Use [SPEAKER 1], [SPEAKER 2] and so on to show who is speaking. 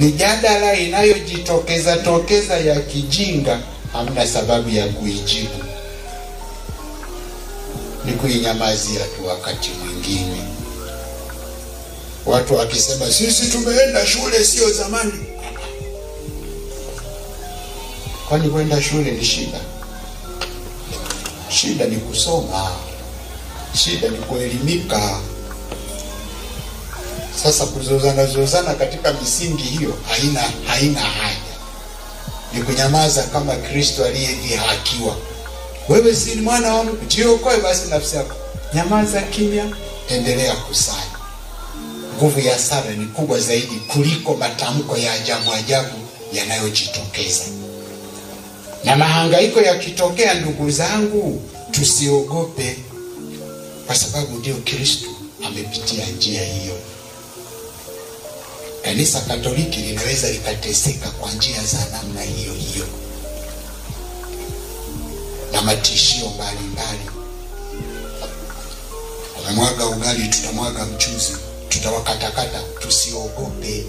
[SPEAKER 1] mijadala inayojitokeza tokeza ya kijinga, hamna sababu ya kuijibu, ni kuinyamazia tu. Wakati mwingine watu wakisema sisi tumeenda shule sio zamani, kwani kwenda shule ni shida? Shida ni kusoma, shida ni kuelimika. Sasa kuzozana zozana katika misingi hiyo haina haina haja, ni kunyamaza kama Kristo aliyedhihakiwa. Wewe si mwana wa Mungu, jiokoe basi nafsi yako, nyamaza kimya, endelea kusali. Nguvu ya sala ni kubwa zaidi kuliko matamko ya ajabu ajabu yanayojitokeza. Na mahangaiko yakitokea, ndugu zangu, tusiogope, kwa sababu ndio Kristo amepitia njia hiyo. Kanisa Katoliki linaweza likateseka kwa njia za namna hiyo hiyo na matishio mbalimbali. Wamemwaga ugali, tutamwaga mchuzi, tutawakatakata, tusiogope.